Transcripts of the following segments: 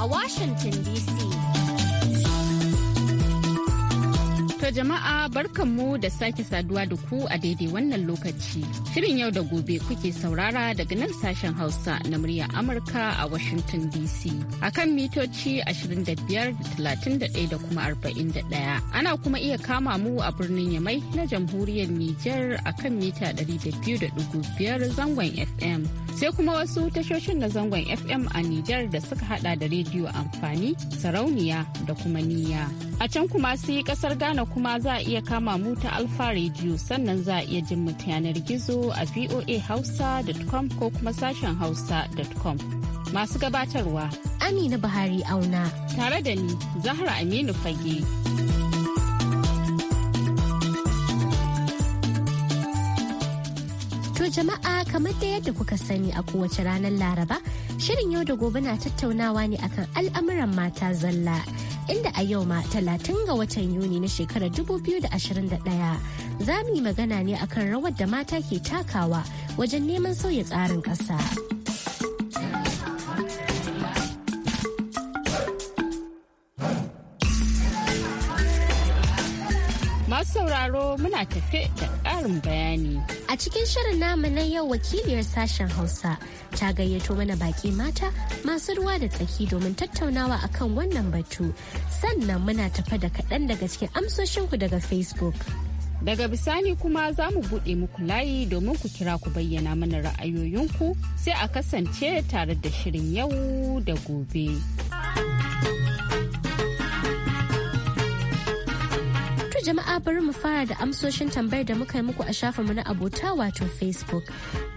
a Washington, D.C. To jama'a barkanmu da sake saduwa da ku a daidai wannan lokaci. Shirin yau da gobe kuke saurara daga nan sashen Hausa na murya Amurka a Washington DC. A kan mitoci 25,31 da kuma 41. Ana kuma iya kama mu a birnin Yamai na jamhuriyar Nijar a kan mita 200.5 zangon FM. Sai kuma wasu tashoshin na zangon FM a Nijar da suka hada da rediyo amfani, sarauniya da kuma niyya. A can kuma su yi kasar Ghana kuma za a iya kama mu ta Alfa Radio sannan za a iya jin yanar gizo a voa voahausa.com ko kuma sashen hausa.com. Masu gabatarwa Amina Buhari Auna. Tare da ni Zahra Aminu Fage. To jama'a kamar da yadda kuka sani a kowace ranar Laraba, shirin yau da gobe na tattaunawa ne akan al'amuran mata zalla. inda a yau ma talatin ga watan Yuni na shekarar 2021 za mu yi magana ne akan rawar da mata ke takawa wajen neman sauya tsarin ƙasa. sauraro muna tafe da ƙarin bayani. A cikin shirin namu na yau wakiliyar sashen Hausa ta gayyato mana baki mata masu ruwa da tsaki domin tattaunawa akan wannan batu. Sannan muna tafe da kaɗan daga cikin amsoshinku daga Facebook. Daga bisani kuma za mu buɗe muku layi domin ku kira ku bayyana mana ra'ayoyinku sai a kasance tare da shirin yau da gobe. jama'a bari mu fara da amsoshin tambayar da muka yi muku a shafinmu na abota wato facebook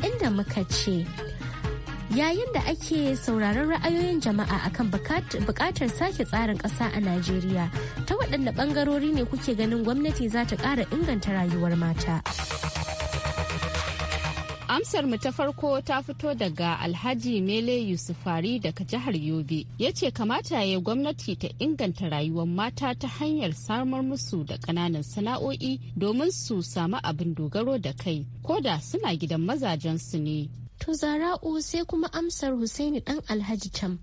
inda muka ce yayin da ake sauraron ra'ayoyin jama'a akan bukatar sake tsarin ƙasa a Najeriya ta waɗanne bangarori ne kuke ganin gwamnati za ta ƙara inganta rayuwar mata. Amsar mu ta farko ta fito daga Alhaji Mele Yusufari daga jihar Yobe. Ya ce kamata ya gwamnati ta inganta rayuwar mata ta hanyar samar musu da ƙananan sana'o'i domin su samu abin dogaro da kai, ko da suna gidan mazajensu ne. To zara'u sai kuma amsar Husaini ɗan Alhaji Tam,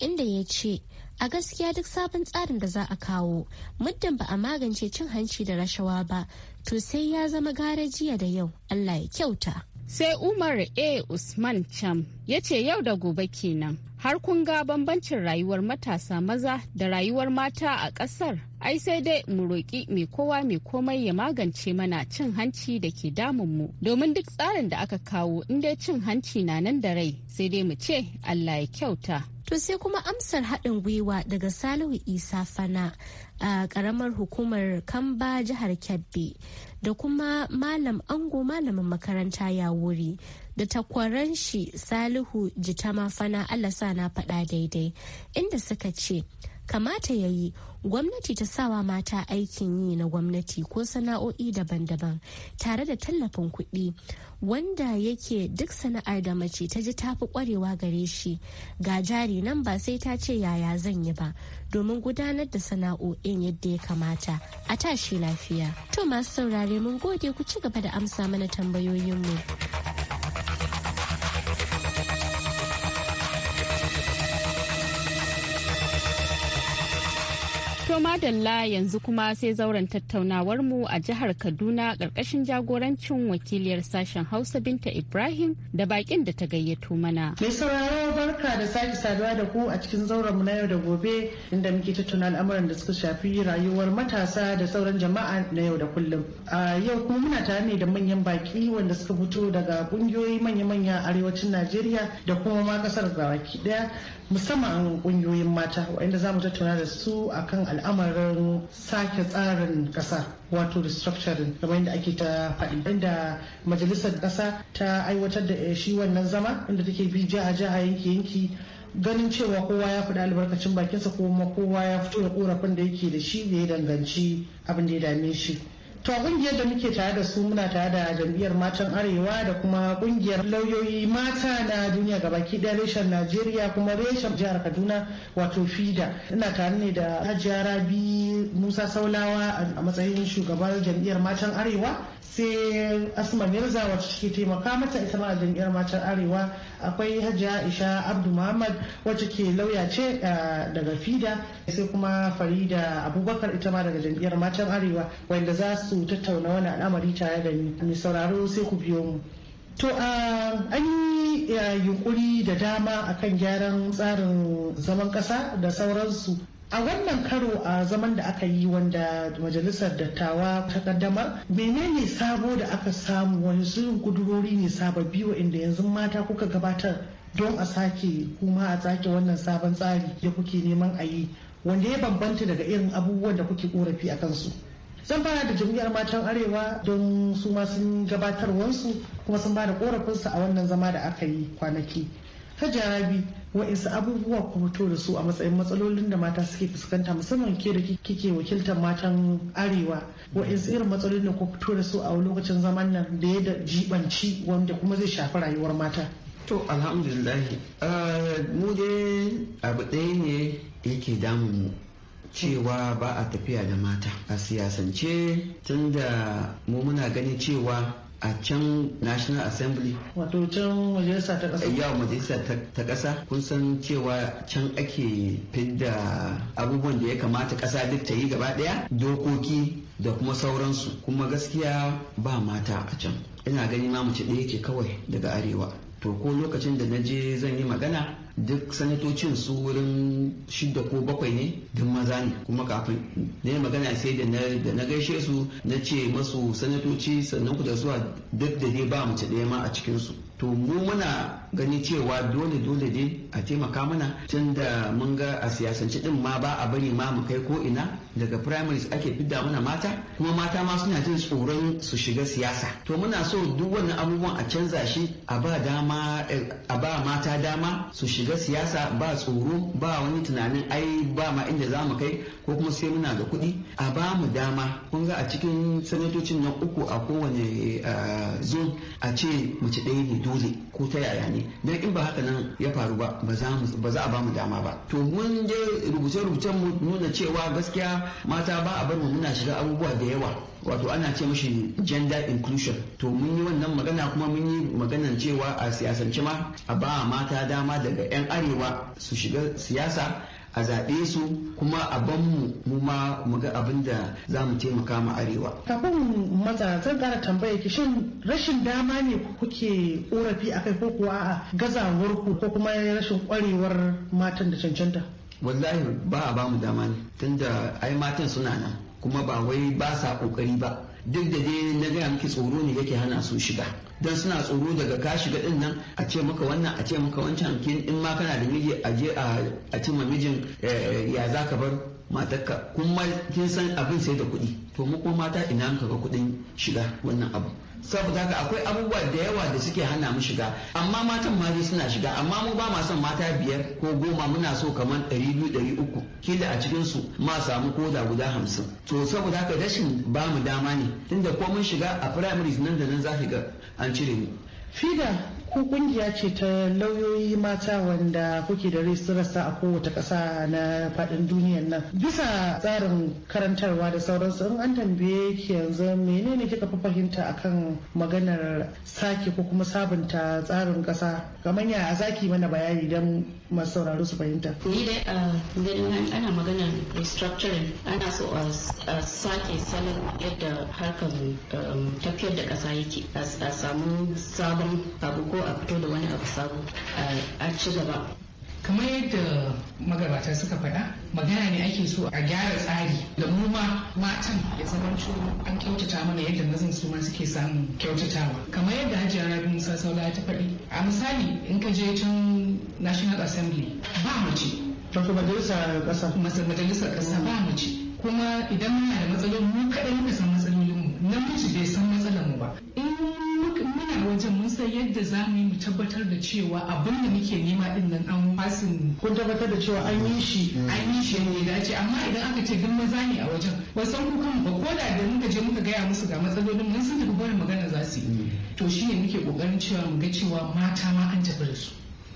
inda ya ce, a gaskiya duk sabon tsarin da za a kawo muddin ba a magance cin hanci da rashawa ba to sai ya zama gara jiya da yau allah ya kyauta sai umar a usman cham ya ce yau da gobe kenan har kun ga bambancin rayuwar matasa maza da rayuwar mata a ƙasar ai sai dai mu roƙi mai kowa mai komai ya magance mana cin hanci da ke damun mu domin duk tsarin da aka kawo in dai cin hanci na nan da rai sai dai mu ce allah ya kyauta to sai kuma amsar haɗin gwiwa daga salihu isa fana a ƙaramar hukumar kamba jihar kebbi da kuma malam ango malamin makaranta ya wuri da takwaran shi salihu jitama fana allah sa na faɗa daidai inda suka ce kamata ya yi gwamnati ta sawa mata aikin yi na gwamnati ko sana'o'i daban-daban tare da tallafin kuɗi wanda yake duk sana'ar da mace ta ji tafi ƙwarewa gare shi ga jari nan ba sai ta ce yaya zan yi ba domin gudanar da sana'o'in yadda ya kamata a tashi lafiya to masu saurare mun gode ku ci gaba da amsa mana tambayoyinmu. To madalla yanzu kuma sai zauren tattaunawarmu a jihar Kaduna ƙarƙashin jagorancin wakiliyar sashen Hausa Binta Ibrahim da baƙin da ta gayyato mana. Mai sauraro barka da sake saduwa da ku a cikin zaurenmu na yau da gobe inda muke tattauna al'amuran da suka shafi rayuwar matasa da sauran jama'a na yau da kullum. A yau kuma muna tare ne da manyan baki wanda suka fito daga kungiyoyi manya-manya arewacin Najeriya da kuma ma ƙasar baki daya musamman kungiyoyin mata waɗanda za mu tattauna da su akan al'amarin sake tsarin kasa wato restructuring kamar yadda ake ta faɗi inda majalisar kasa ta aiwatar da eh, shi wannan zama inda take bi jiha jiha yanki yanki ganin cewa kowa ya faɗi albarkacin bakinsa kuma kowa ya fito da korafin da yake da shi da ya danganci abin da ya dame shi To kungiyar da muke tare da su muna tare da jam'iyyar matan arewa da kuma kungiyar lauyoyi mata na duniya baki ɗaya reshen Najeriya kuma reshen jihar Kaduna wato FIDA. Ina tare ne da Hajiya Rabi Musa Saulawa a matsayin shugabar jam'iyyar matan arewa sai Asma Mirza wacce ke taimaka mata ita ma a jam'iyyar matan arewa akwai Hajiya Isha Abdu Muhammad wacce ke lauya ce daga FIDA sai kuma Farida Abubakar ita ma daga jam'iyyar matan arewa wanda za su su tattauna wani al'amari tare da ni mai sauraro sai ku biyo mu to an yi yunkuri da dama akan gyaran tsarin zaman kasa da sauransu a wannan karo a zaman da aka yi wanda majalisar dattawa ta kaddama menene sabo da aka samu wani sun kudurori ne sababbi inda yanzu mata kuka gabatar don a sake kuma a sake wannan sabon tsari da kuke neman a yi wanda ya bambanta daga irin abubuwan da kuke korafi a kansu zan fara da jami'ar matan arewa don su ma sun gabatarwansu kuma sun bada korafinsu a wannan zama da aka yi kwanaki ta jarabi wa'insu abubuwa ku fito da su a matsayin matsalolin da mata suke fuskanta musamman ke da kike wakiltar matan arewa wa'insu irin matsalolin da ku fito da su a lokacin zaman nan da ya jibanci wanda kuma zai shafi rayuwar mata to alhamdulillah ah, mu dai abu ɗaya ne yake damun mu cewa ba a tafiya da mata a siyasance da mu muna gani cewa a can national assembly wato can majalisa ta kasa yawa majalisa ta kasa kun san cewa can ake fidda abubuwan da ya kamata kasa duk ta yi gaba daya dokoki da kuma sauransu kuma gaskiya ba mata a can ina gani ma ɗaya ke kawai daga arewa to ko lokacin da na je zan yi magana duk sanatocin su wurin shida ko bakwai ne duk maza ne kuma kafin ne magana sai da na gaishe su na ce masu sanatoci sannan ku da zuwa duk da ne ba mace ɗaya ma a cikin su to mu muna gani cewa dole dole dai a taimaka mana tun da mun ga a siyasance din ma ba a bari ma mu kai ko ina daga primaries ake fidda mana mata kuma mata ma suna jin tsoron su shiga siyasa to muna so duk wannan abubuwan a canza shi a ba dama eh, a ba mata dama su shiga siyasa ba tsoro ba wani tunanin ai ba ma inda za mu kai ko kuma sai muna da kuɗi a ba mu dama kun ga a cikin sanatocin nan uku a kowane eh, zo a ce mace ɗaya ne dole ko ta yaya ne mutane dan in ba haka nan ya faru ba ba za a ba mu dama ba to mun je rubuce-rubucen mu nuna cewa gaskiya mata ba a bar mu muna shiga abubuwa da yawa wato ana ce mashi gender inclusion to mun yi wannan magana kuma mun yi maganan cewa a siyasance ma a ba mata dama daga 'yan arewa su shiga siyasa a zaɓe su kuma a ban mu mu ma mu ga abin da za mu taimaka mu arewa. Kafin maza zan kara tambaya ki shin rashin dama ne kuke korafi kai ko kuwa a gazawar ku ko kuma rashin kwarewar matan da cancanta? Wallahi ba a ba dama ne tunda ai matan suna nan kuma ba wai ba sa kokari ba duk da dai na gaya miki tsoro ne yake hana su shiga. don suna tsoro daga ka shiga din nan a ce maka wannan a ce maka wancan kin in ma kana da miji a je a cima mijin eh, ya za ka bar matarka kuma kin san abin sai da kuɗi to mu kuma mata ina ka ga kuɗin shiga wannan abu saboda haka akwai abubuwa da yawa da suke hana mu shiga amma matan ma dai suna shiga amma mu ba ma son mata biyar ko goma muna so kamar ɗari biyu ɗari uku kila a cikin su ma samu koda guda hamsin to saboda haka rashin ba mu dama ne tunda ko mun shiga a primaries nan da nan za ga an cire mu fida ku kungiya ce ta lauyoyi mata wanda kuke da rasa a kowace ƙasa na faɗin duniyan nan bisa tsarin karantarwa da sauransu in an tambaye ki yanzu menene kika fi fahimta akan maganar sake ko kuma sabunta tsarin ƙasa kamar ya zaki mana bayani don masu sauraro su fahimta ni dai a ganin ana maganar restructuring ana so a sake salon yadda harkar um, tafiyar da ƙasa yake a samu sabon abu ko a fito da wani abu sabo a ci gaba kamar yadda magabata suka faɗa magana ne ake so a gyara tsari da mu ma matan ya zama an kyautata mana yadda mazan su ma suke samun kyautatawa kamar yadda hajiya rabi musa saula ta faɗi a misali in ka je can national assembly ba mace ta majalisar ƙasa majalisar ƙasa ba mace kuma idan muna da matsalolin mu kaɗai muka san matsalolin mu namiji bai san matsalar mu ba san yadda za mu yi mu tabbatar da cewa abin da muke nema din nan an fasin ko tabbatar da cewa an yi shi an yi shi ne da ce amma idan aka ce duk maza ne a wajen wasan ku mu ba ko da muka je muka gaya musu ga matsalolin mun san da barin magana za su yi mm. to shine muke kokarin cewa mu ga cewa mata ma an tafi da su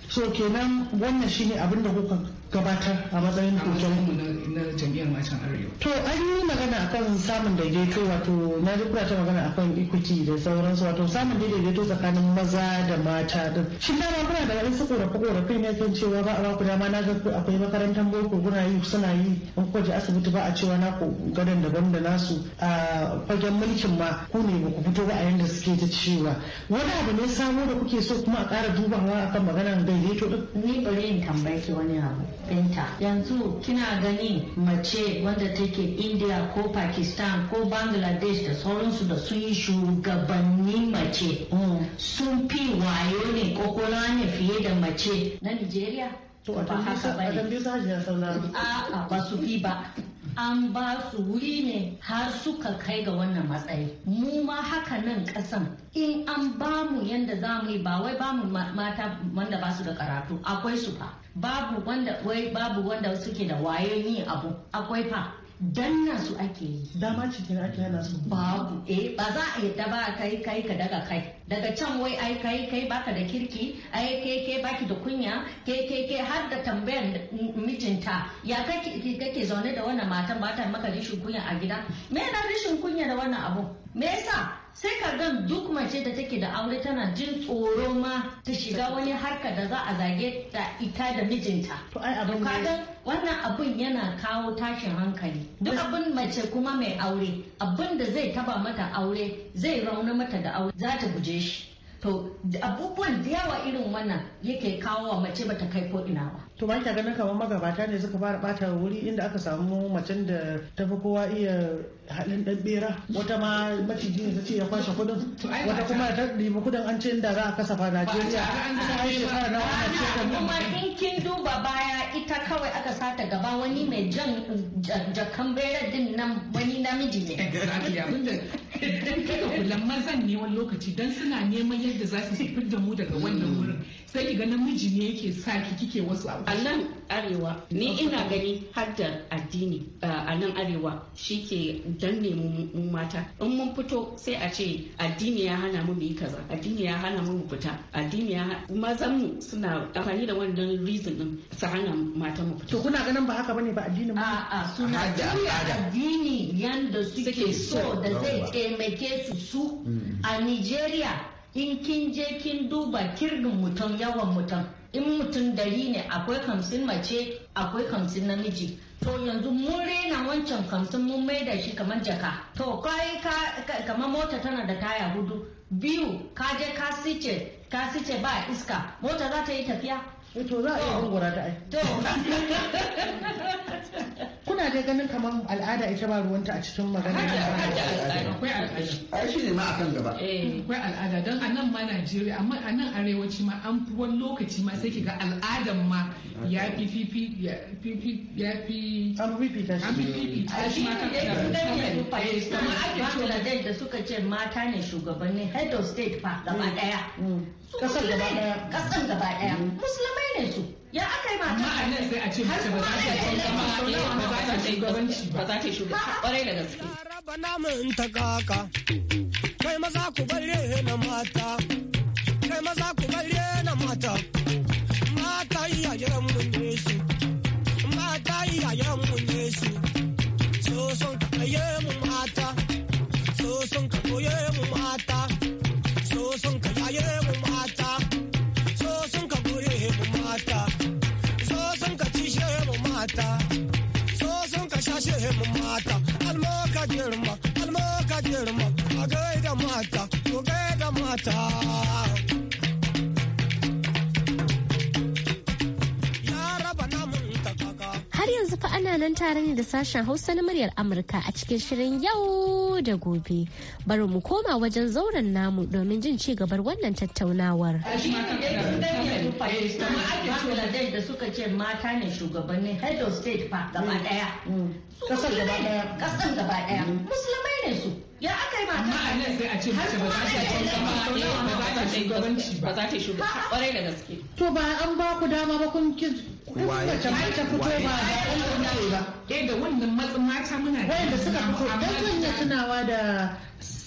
so kenan wannan shine abin da kuka gabatar a matsayin koken mu na jam'iyyar matan arewa to an yi magana akan samun daidaito wato na ji kuna ta magana akan equity da sauransu wato samun daidaito tsakanin maza da mata din shin dama kuna da wani sako da korafi ne kan cewa ba a ku dama na ga akwai makarantar boko kuna yi suna yi an kwaje asibiti ba a cewa na ku gadon daban da nasu a fagen mulkin ma ku ne ba ku fito ba a yanda suke ta cewa wani abu ne samo da kuke so kuma a ƙara dubawa akan maganar daidaito ni bari in tambaye wani abu ɗinta yanzu kina gani mace wanda take india ko pakistan ko bangladesh da sauransu da sun yi shugabanni mace mm. sun fi wayo ne kokola ne fiye da mace na nigeria to ba haka ba ne a ba su fi ba an ba su wuri ne har suka kai ga wannan matsayi mu ma haka nan kasan in an ba mu yadda za mu yi ba wai ba mu mata wanda ba su da karatu akwai su fa babu wanda wai babu wanda suke da wayoyi abu akwai fa danna su ake yi dama cikin ake yana su babu eh ba za a yadda ba kai kai ka daga kai daga can wai ai kai kai baka da kirki ai kai kai baki da kunya kai kai kai har da tambayar mijinta ya kake kake zaune da wannan matan ba ta maka rishin kunya a gida me na rishin kunya da wannan abu me yasa sai ka gan duk mace da take da aure tana jin tsoro ma ta shiga wani harka da za a zage da ita da mijinta. To ai abin ne. wannan abun yana kawo tashin hankali. Duk abin mace kuma mai aure abin da zai taba mata aure zai rauna mata da aure za ta guje shi. to abubuwan da yawa irin wannan yake kawo wa mace bata kai ko ina ba to ba kya ganin kamar magabata ne suka fara bata wuri inda aka samu macen da ta fi kowa iya halin dan bera wata ma maciji ne ta ya kwashe kudin wata kuma ta ɗibi kudin an ce inda za a kasafa Najeriya an shekara na wannan kuma in kin duba baya ita kawai aka sata gaba wani mai jan jakan bera din nan wani namiji ne hulan mazan ne wani lokaci dan suna neman yadda za su da mu daga wannan hmm. wurin sai ki ga namiji ne yake sa ki kike wasu abu a nan arewa ni ina gani har da addini eh, a nan arewa shike danne mu mata in mun fito sai a ce addini ya hana mu yi kaza addini ya hana mu fita addini ya mazan mu suna amfani da wannan reason din su hana mata mu fita to kuna ganin ba haka bane ba addini mu a a suna addini yanda suke so da zai taimake su su su mm. a nigeria in kin je kin duba kirgin mutum yawan mutum in mutum dari ne akwai kamsin mace akwai kamsin namiji to yanzu mun rena wancan kamsin mun mai da shi kamar jaka to kai kamar mota tana da taya hudu biyu ka je ka sice ka sice ba iska mota za ta yi tafiya e to za a iya gungura ta ai kuna dai ganin kamar al'ada ita ba ruwanta a cikin magana akwai al'ada ai shi ne ma akan gaba eh. akwai al'ada don a nan ma Najeriya amma a nan arewaci ma an fi wani lokaci ma sai kiga al'adan ma ya fi fifi ya fi ya fi an fifita shi an ta shi ma kan eh, da suka ce mata ne shugabanni head of state fa gaba mm. daya mm. kasar gaba daya kasar gaba daya mm. musulmai ne su ya aka yi ma ta a nan sai a ce mace ba za ta yi ba za ta shugabanci ba za ta yi shugabanci kwarai da gaske ta kaka kai maza ku bare na mata kai maza mata so sun ka shashe mu mata alma girma alma girma a mata to mata Har yanzu fa ana nan tare ne da sashen Hausa na muryar Amurka a cikin shirin yau da gobe. Bari mu koma wajen zauren namu domin jin ci gabar wannan tattaunawar. Kamar ake Bangladesh da suka ce mata ne shugabannin head of state fa gaba mm. daya. Mm. Kasar gaba daya. Kasar gaba daya. Musulmai ne su. Ya aka yi mata. Ma'ana sai a ce mace ba za ta shugabanci ba. Ba za ta ba. za ta shugabanci kwarai da gaske. To ba an ba ku dama ba kun ki mace ta fito ba da ɗan ba. Eh da wannan mata muna da. Wayanda suka fito. Dan zan iya tunawa da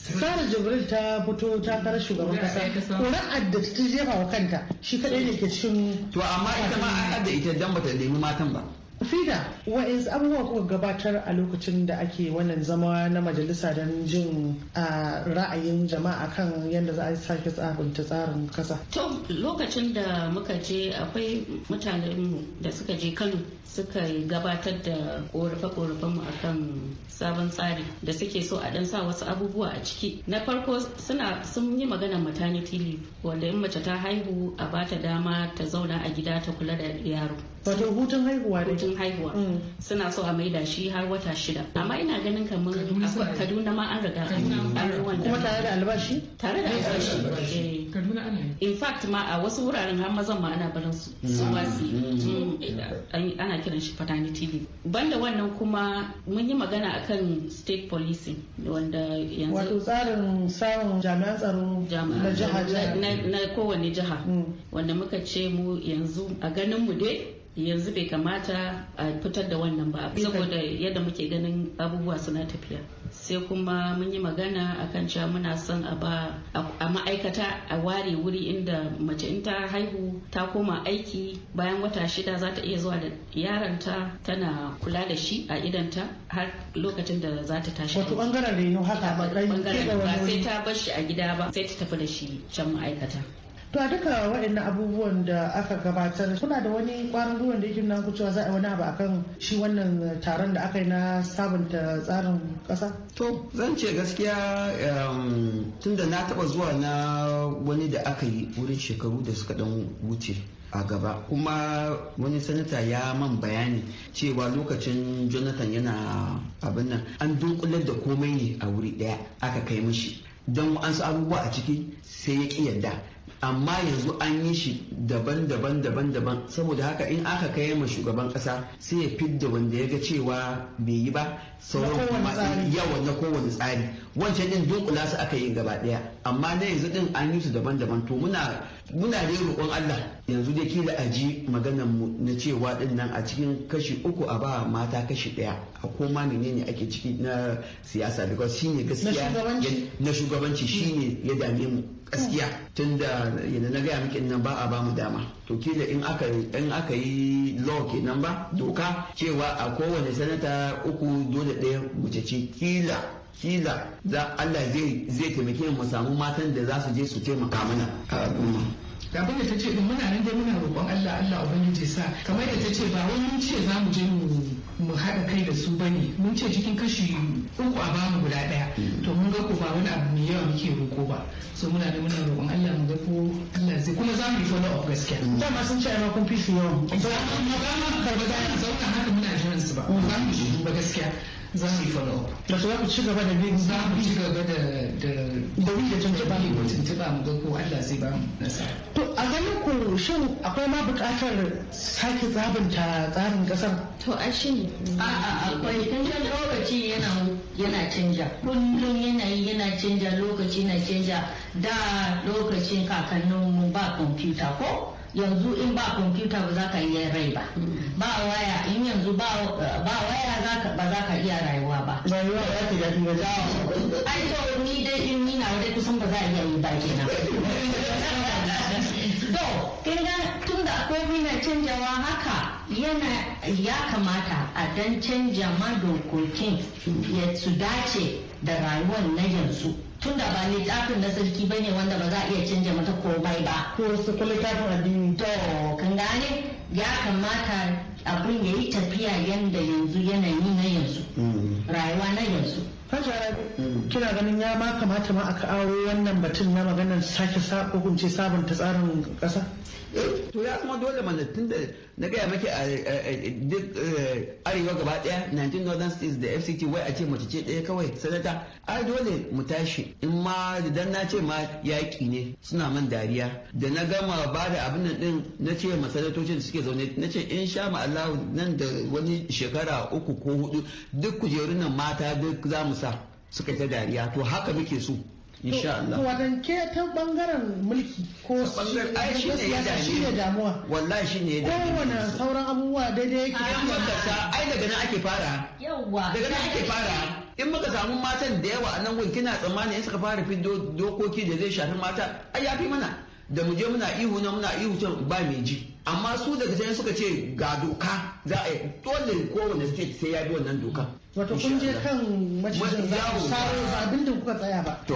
Sara Jibril ta fito ta takarar shugaban kasa. Ƙuri'ar adda ta jefa wa kanta shi kaɗai ne ke cikin. To amma ita ma an ita dan bata nemi matan ba. Fida, wa'insu abubuwa kuka gabatar a lokacin da ake wannan zama na majalisa don jin ra'ayin jama'a kan yadda za a sake tsabinta tsarin kasa. To lokacin da muka je akwai mutanen da suka je Kano suka gabatar da korafe-korafenmu akan sabon tsari da suke so a dan sa wasu abubuwa a ciki. Na farko suna sun yi maganar maternity leave wanda in mace ta haihu a bata dama ta zauna a gida ta kula da yaro. wato hutun haihuwa da hutun haihuwa mm. suna so a maida shi har wata shida mm. amma ina ganin kamar kaduna ma an riga an wanda kuma tare da albashi tare da albashi eh. kaduna ana in fact ma a wasu wuraren har mazan ma ana barin su mm. su basi eh, ana kiran shi paternity leave banda wannan kuma mun yi magana akan state policing wanda yanzu wato tsarin samun jami'an tsaro na jiha na kowane jiha wanda muka ce mu yanzu a ganin mu dai yanzu bai kamata a fitar da wannan ba saboda yadda muke ganin abubuwa suna tafiya sai kuma mun yi magana akan cewa muna son a ba a ma'aikata a ware wuri inda mace in ta haihu ta koma aiki bayan wata shida za ta iya zuwa da yaronta tana kula da shi a idanta har lokacin da za ta tashi wato bangaren da haka ba sai ta bar shi a gida ba sai ta tafi da shi can ma'aikata to a duka waɗannan abubuwan da aka gabatar kuna da wani ƙwarin gwiwa da yake nan ku cewa za a wani abu akan shi wannan taron da aka yi na sabunta tsarin ƙasa to zan ce gaskiya um, tunda na taɓa zuwa na wani da aka yi wurin shekaru da suka dan wuce a gaba kuma wani sanata ya man bayani cewa lokacin jonathan yana abin nan an dunkular da komai ne a wuri ɗaya aka kai mishi don an su abubuwa a ciki sai ya ki yadda. amma yanzu an yi shi daban-daban daban-daban saboda haka in aka kai ma shugaban kasa sai ya fidda wanda ya ga cewa bai yi ba sauran kuma yawan na kowane tsari wancan din dunkula su aka yi gaba daya amma na yanzu din an yi su daban-daban to muna muna da roƙon Allah yanzu dai kila a ji maganar mu na cewa din nan a cikin kashi uku a ba mata kashi daya a koma ne ake ciki na siyasa because shine gaskiya na shugabanci shine ya dame mu gaskiya tunda yana na gaya miki nan ba a bamu dama to kila in aka in aka yi law kenan ba doka cewa a kowane sanata uku dole ɗaya mace ce kila kila za Allah zai zai taimake mu samu matan da za su je su taimaka mana a al'umma abin da ta ce din muna nan dai muna roƙon Allah Allah ubangiji sa kamar da ta ce ba wai mun ce za mu je mu haɗa kai da su ba ne mun ce cikin kashi uku a bamu guda ɗaya to mun ga ko ba wani abu mai yawa muke roƙo ba so muna nan muna roƙon Allah mu ga ko Allah zai kuma za mu yi follow up gaskiya ma sun ce ai ma kun fi su yawa ba ma karɓa da zauna haka muna jiran su ba ba mu ba gaskiya za mu follow up da za ku ci gaba da bin za mu ci gaba da da da wanda tuntuba mu tuntuba mu ga ko Allah zai ba mu nasara to a ganin ku shin akwai ma buƙatar sake zabunta tsarin kasar to a shin a a akwai canjin lokaci yana yana canja kullum yanayi yana canja lokaci na canja da lokacin kakanninmu ba kwamfuta ko yanzu in ba kwamfuta ba za ka iya rai ba mm. ba waya in yanzu ba waya ba za ka iya rayuwa ba rayuwa ba ta daɗi ba za to ni dai in ni na wadai kusan ba za a iya yi ba kenan to kin ga tun da akwai na canjawa haka yana ya kamata a dan canja madokokin ya su dace da rayuwar na yanzu tun da ba littafin na sarki bane wanda ba za a iya canja mata komai ba ko su kuma fara dini to kan gane ya kamata abin ya yi tafiya yanda yanzu yanayi na yanzu mm-hmm. rayuwa na yanzu mm-hmm. kina ganin ya ma kamata ma a aro wannan batun na maganar sake hukunce sabunta tsarin kasa? to ya kuma dole mana tun da na gaya maki a duk eh, arewa gaba daya 19 northern states da fct wai a ce mace ce daya kawai sanata ai dole mu tashi in ma idan na ce ma yaƙi ne suna man dariya da na gama ba da abin din na ce ma sanatocin da suke zaune na ce in sha ma Allah nan da wani shekara uku ko hudu duk kujerun mata duk za mu sa suka ta dariya to haka muke so insha Allah to wadan ke ta bangaren mulki ko shi ne damuwa wallahi shine damuwa kowane sauran abubuwa daidai yake ai daga nan ake fara yawa daga nan ake fara in muka samu matan da yawa a nan gun kina tsammani in suka fara fi dokoki da zai shafi mata ai fi mana da mu je muna ihu na muna ihu can ba mai ji amma su daga can suka ce ga doka za a yi dole kowane state sai ya bi wannan doka wato kun je kan macijin za a saro ba abinda kuka tsaya ba to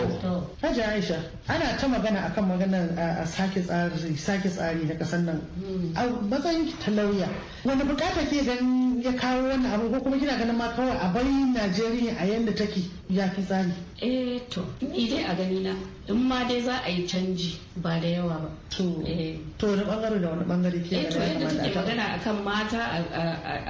hajji aisha ana ta magana akan maganar a sake tsari sake tsari na kasar nan hmm. a matsayin ta lauya wani bukata ke ganin ya kawo wannan abu ko kuma kina ganin ma kawai a bari Najeriya a yanda take ya fi tsari. Eh to ni dai a gani na in ma dai za a yi canji ba da yawa ba. To eh. to wani bangare da wani bangare ke Eh to yadda take magana akan mata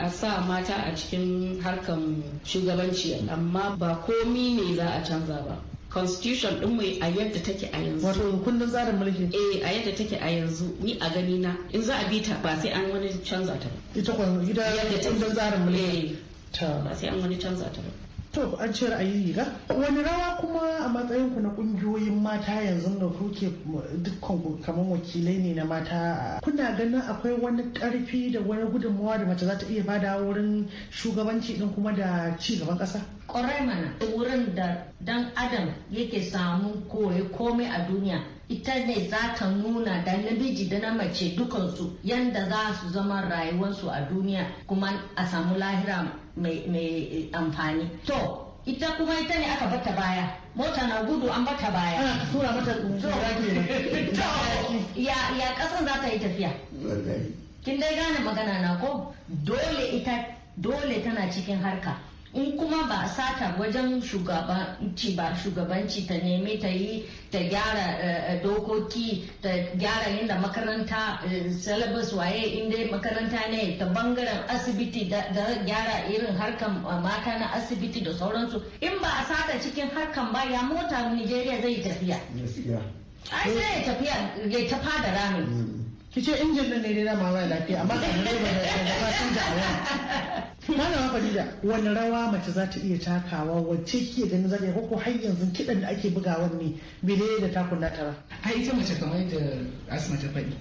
a sa mata a cikin harkan shugabanci amma ba komi ne za a canza ba. constitution din mu a yadda take a yanzu wato kundin tsarin mulki eh a yadda take a yanzu ni a gani na in za a bi ta ba sai an wani canza ta ba ita ko gida kundin tsarin mulki eh, ta ba sai an wani canza ta ba to an ce ra'ayi ga wani rawa kuma a matsayin ku na kungiyoyin mata yanzu da kuke dukkan kamar wakilai ne na mata kuna ganin akwai wani karfi da wani gudunmawa da mace za ta iya bada wurin shugabanci din kuma da ci gaban kasa ƙwarai mana wurin da dan adam yake samu koyi komai a duniya ita ne za ta nuna da namiji da na mace dukansu yadda za su zama rayuwarsu a duniya kuma a samu lahira mai amfani to ita kuma ita ne aka bata baya mota na gudu an bata baya ah, tura mata ya ya kasan za ta yi tafiya kin dai gane magana na ko dole ita dole tana cikin harka in kuma ba sata wajen shugabanci ba shugabanci ta nemi ta yi ta gyara dokoki ta gyara yadda makaranta syllabus waye inda makaranta ne ta bangaren asibiti da gyara irin harkan mata na asibiti da sauransu in ba a sata cikin harkan ba ya mota nigeria zai tafiya ai sai ya tafiya ya tafa da rami kice injin ne dai na ba lafiya amma kan ne ba da ba sun da malama da wani rawa mace za ta iya takawa wacce ke ganin zata ko har yanzu kiɗan da ake bugawa ne bile da takun na tara a ita mace kamar da asma ta faɗi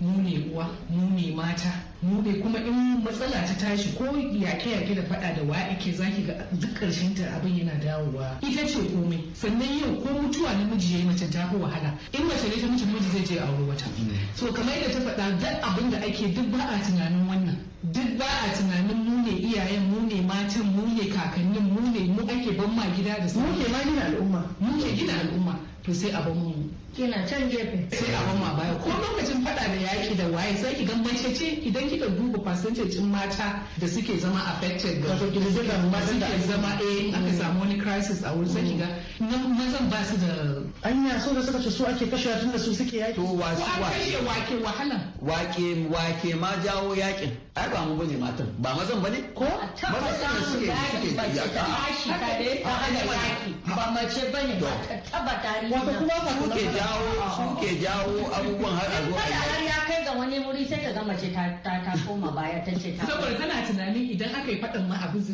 mu ne uwa mu ne mata mu ne kuma in matsala ta tashi ko yake yake da faɗa da wa ake zaki ga duk karshen ta abin yana dawowa ita ce komai sannan yau ko mutuwa na miji yayi mace ta fi wahala in mace ne ta mutu miji zai je aure wata mm. so kamar yadda ta faɗa duk abin da ake duk ba a tunanin wannan duk ba a tunanin mu ne iyayen mu ne matan mu ne kakannin mu ne mu ake ban ma gida da su mu ne ma gina al'umma mu ne gina al'umma to sai a ban mu kina can gefe sai a ban ma baya ko lokacin fada da yaki da waye sai ki ga mace ce idan kika duba percentage mata da suke zama affected da wato girgizar mata da suke zama eh aka samu wani crisis a wurin sai ki ga mm. mazan ba su da An anya so da suka ce su ake kashe tun da su suke yaki to wasu wake wake wahala. wake wake ma jawo yakin ai ba mu bane matan ba mazan bane ko mazan ne suke suke yaki tashi ka dai ka hana yaki ba mace bane ba ta tabbata ni wato kuma ka suke jawo suke jawo abubuwan har a zo a yi ya kai ga wani wuri sai ka ga mace ta ta koma baya ta ce ta saboda tana tunanin idan aka yi faɗin ma abin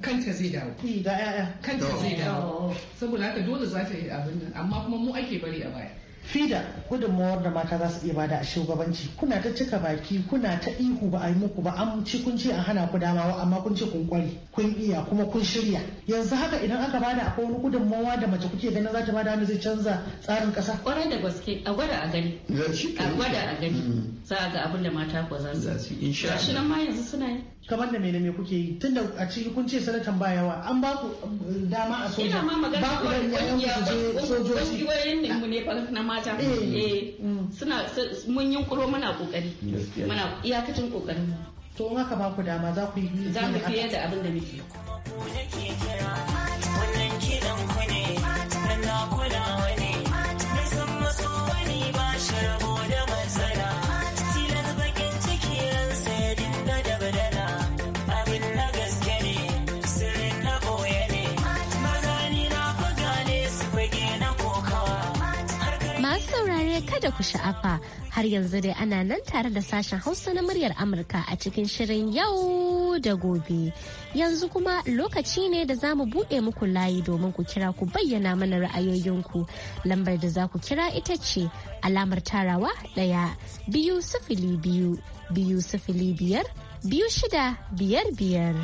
kanta zai dawo Da kanta zai dawo saboda haka dole za ta yi abin nan amma kuma mu ake bari a baya fida gudunmawar da mata za su iya bada a shugabanci kuna ta cika baki kuna ta ihu ba a yi muku ba an ci kun ce a hana ku damawa amma kun ce kun kwari kun iya kuma kun shirya yanzu haka idan aka bada akwai wani gudunmawa da mace kuke ganin za ta bada wani zai canza tsarin kasa kwarai da gaske a gwada a gani a gwada a gani mm-hmm. za a ga abin da mata ko za su yi shi nan ma yanzu suna yi kamar da mai me kuke yi tunda a cikin kun ce sanatan ba yawa an ba ku um, dama a soja ba ku dan yayan ku je sojoji kungiyoyin ne mu ne fa na mata eh, eh. Mm. suna mun yunkuro muna kokari muna iyakacin kokarin mu to in aka ba ku dama za ku yi za ku fiye da abin da muke wannan kiran dai kada ku sha'afa har yanzu dai ana nan tare da sashen hausa na muryar amurka a cikin shirin yau da gobe yanzu kuma lokaci ne da za mu buɗe muku layi domin ku kira ku bayyana mana ra'ayoyinku lambar da za ku kira ita ce alamar tarawa ɗaya biyu sifili biyu biyu sifili biyar biyu shida biyar biyar.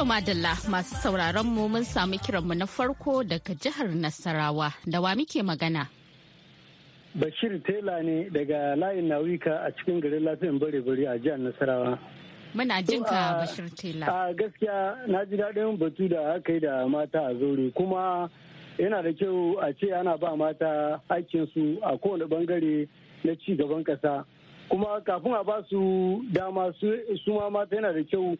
yau Madalla masu sauraron mu mun samu kiranmu na farko daga jihar Nasarawa da wa muke magana. Bashir Tela ne daga layin Nawika a cikin garin lafiyan bare-bare a jihar Nasarawa. Muna jin ka Bashir Tela. A gaskiya na ji daɗin batu da aka yi da mata a zore kuma yana da kyau a ce ana ba mata aikinsu a kowane bangare na ci gaban ƙasa. Kuma kafin a ba su dama su ma mata yana da kyau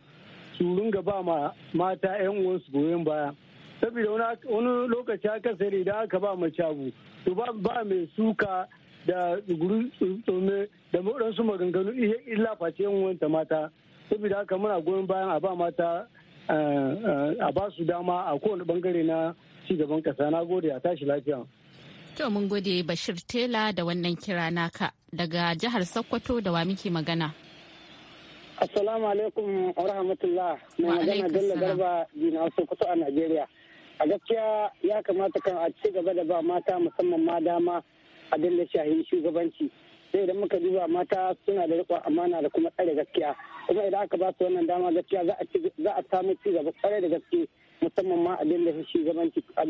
su ringa ba ma mata 'yan uwansu goyon baya saboda wani lokaci akasari idan aka ba mace abu to ba mai suka da guri tsome da waɗansu maganganu illa face yan uwanta mata saboda haka muna goyon bayan a ba mata eh, eh, a ba su dama a kowane bangare na cigaban ƙasa na gode a tashi lafiya. To mun gode Bashir Tela da wannan kira naka daga jihar Sokoto da wa muke magana. Assalamu alaikum wa rahmatullah. Mai magana Bello Garba Jina Sokoto a Najeriya. A gaskiya ya kamata kan a ci gaba da ba mata musamman ma dama a dinda shahi shugabanci. Sai idan muka duba mata suna da riƙon amana da kuma tsare gaskiya. Kuma idan aka ba su wannan dama gaskiya za a samu ci gaba tsare da gaske musamman ma a dinda shugabanci a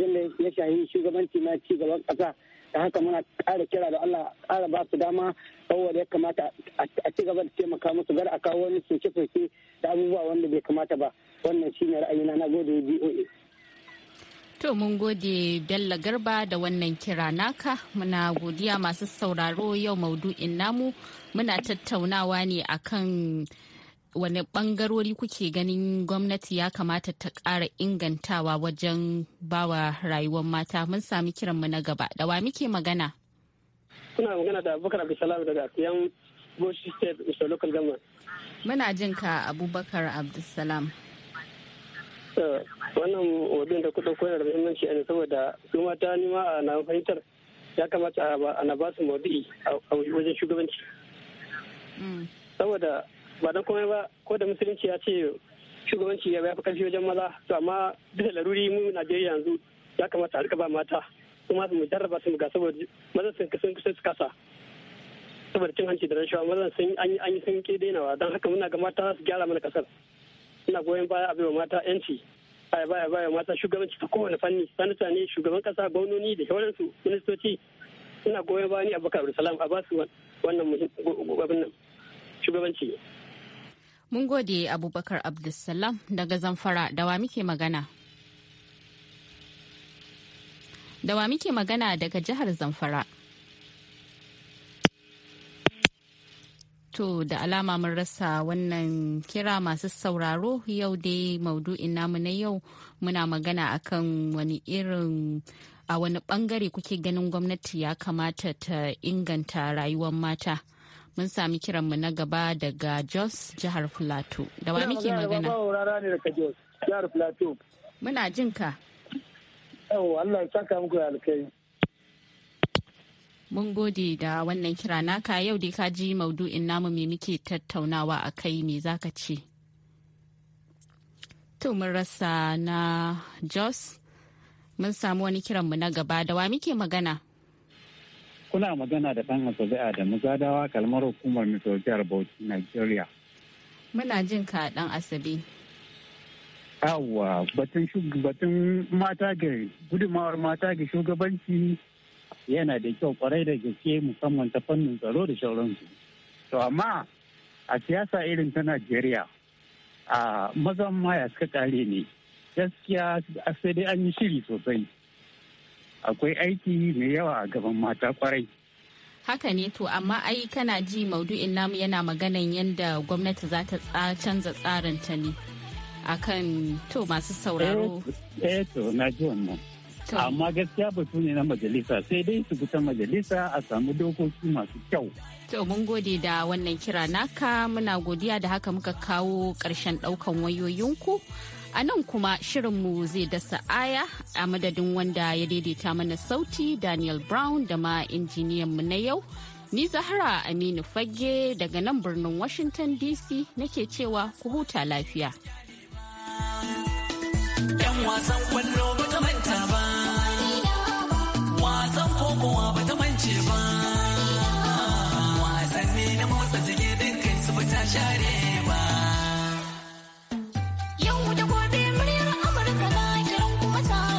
shahi shugabanci na ci gaban ƙasa. da haka muna ƙara kira da Allah kara ba su dama saboda ya kamata a ci gaba da taimaka musu gar a kawo wani soke-soke da abubuwa wanda bai kamata ba wannan shine ra'ayina na gode DOA. To mun gode Bello Garba da wannan kira naka muna godiya masu sauraro yau maudu'in namu muna tattaunawa ne akan wani bangarori kuke ganin gwamnati ya kamata ta ƙara ingantawa wajen bawa rayuwar mata mun sami kiranmu na gaba da wa muke magana kuna magana da abubakar abdulsalam daga yan boshi state mr local government muna jin ka abubakar abdulsalam wannan wajen da kudin koyar da muhimmanci ne saboda su mata nima a na fahimtar ya kamata ana ba su maudu'i a wajen shugabanci mm. saboda ba dan komai ba ko da musulunci ya ce shugabanci ya yafi karfi wajen maza to amma bisa laruri mu najeriya yanzu ya kamata a rika ba mata kuma mu jarraba su ga saboda maza sun kusan kusan su kasa saboda cin hanci da rashawa maza sun an yi sun ke dainawa dan haka muna ga mata za su gyara mana kasar ina goyon baya a baiwa mata yanci a baya baya mata shugabanci ta kowane fanni sanata ne shugaban kasa gwamnoni da sauransu ministoci ina goyon baya ni abubakar salam a ba su wannan shugabanci Mun gode Abubakar Abdulsalam daga Zamfara da muke magana. Dawa muke magana daga jihar Zamfara. To da alama mun rasa wannan kira masu sauraro yau dai maudu'in namu na yau muna magana akan wani irin a wani bangare kuke ganin gwamnati ya kamata ta inganta rayuwar mata. mun sami kiranmu na gaba daga jos jihar plateau da wa muke magana muna jin ka allah saka muku alkai mun gode da wannan kira naka yau dai ka ji maudu'in namu me muke tattaunawa a kai me zaka ce to mun rasa na jos mun samu wani kiranmu na gaba da wa muke magana kuna magana da ɗan asabe adamu gadawa kalmar hukumar mito bauchi nigeria muna jin ka ɗan asabe yawwa batun batun mata ga gudumawar mata ga shugabanci yana da kyau kwarai da gaske musamman ta fannin tsaro da sauransu to amma a siyasa irin ta najeriya a mazan maya suka kare ne gaskiya sai dai an yi shiri sosai akwai aiki mai yawa a gaban mata kwarai haka ne to amma ai kana ji maudu'in namu yana maganan yadda gwamnati za ta canza tsarin ta ne akan to masu sauraro eh, eh to na ji wannan amma gaskiya batu ne na majalisa sai dai su fita majalisa a samu dokoki masu kyau to mun gode da wannan kira naka muna godiya da haka muka kawo ƙarshen ɗaukan wayoyinku A nan kuma mu zai dasa aya a madadin wanda ya daidaita mana sauti Daniel Brown da ma injiniyan mu na yau. Ni Zahra Aminu Fagge daga nan birnin Washington DC nake cewa ku huta lafiya. Yan wasan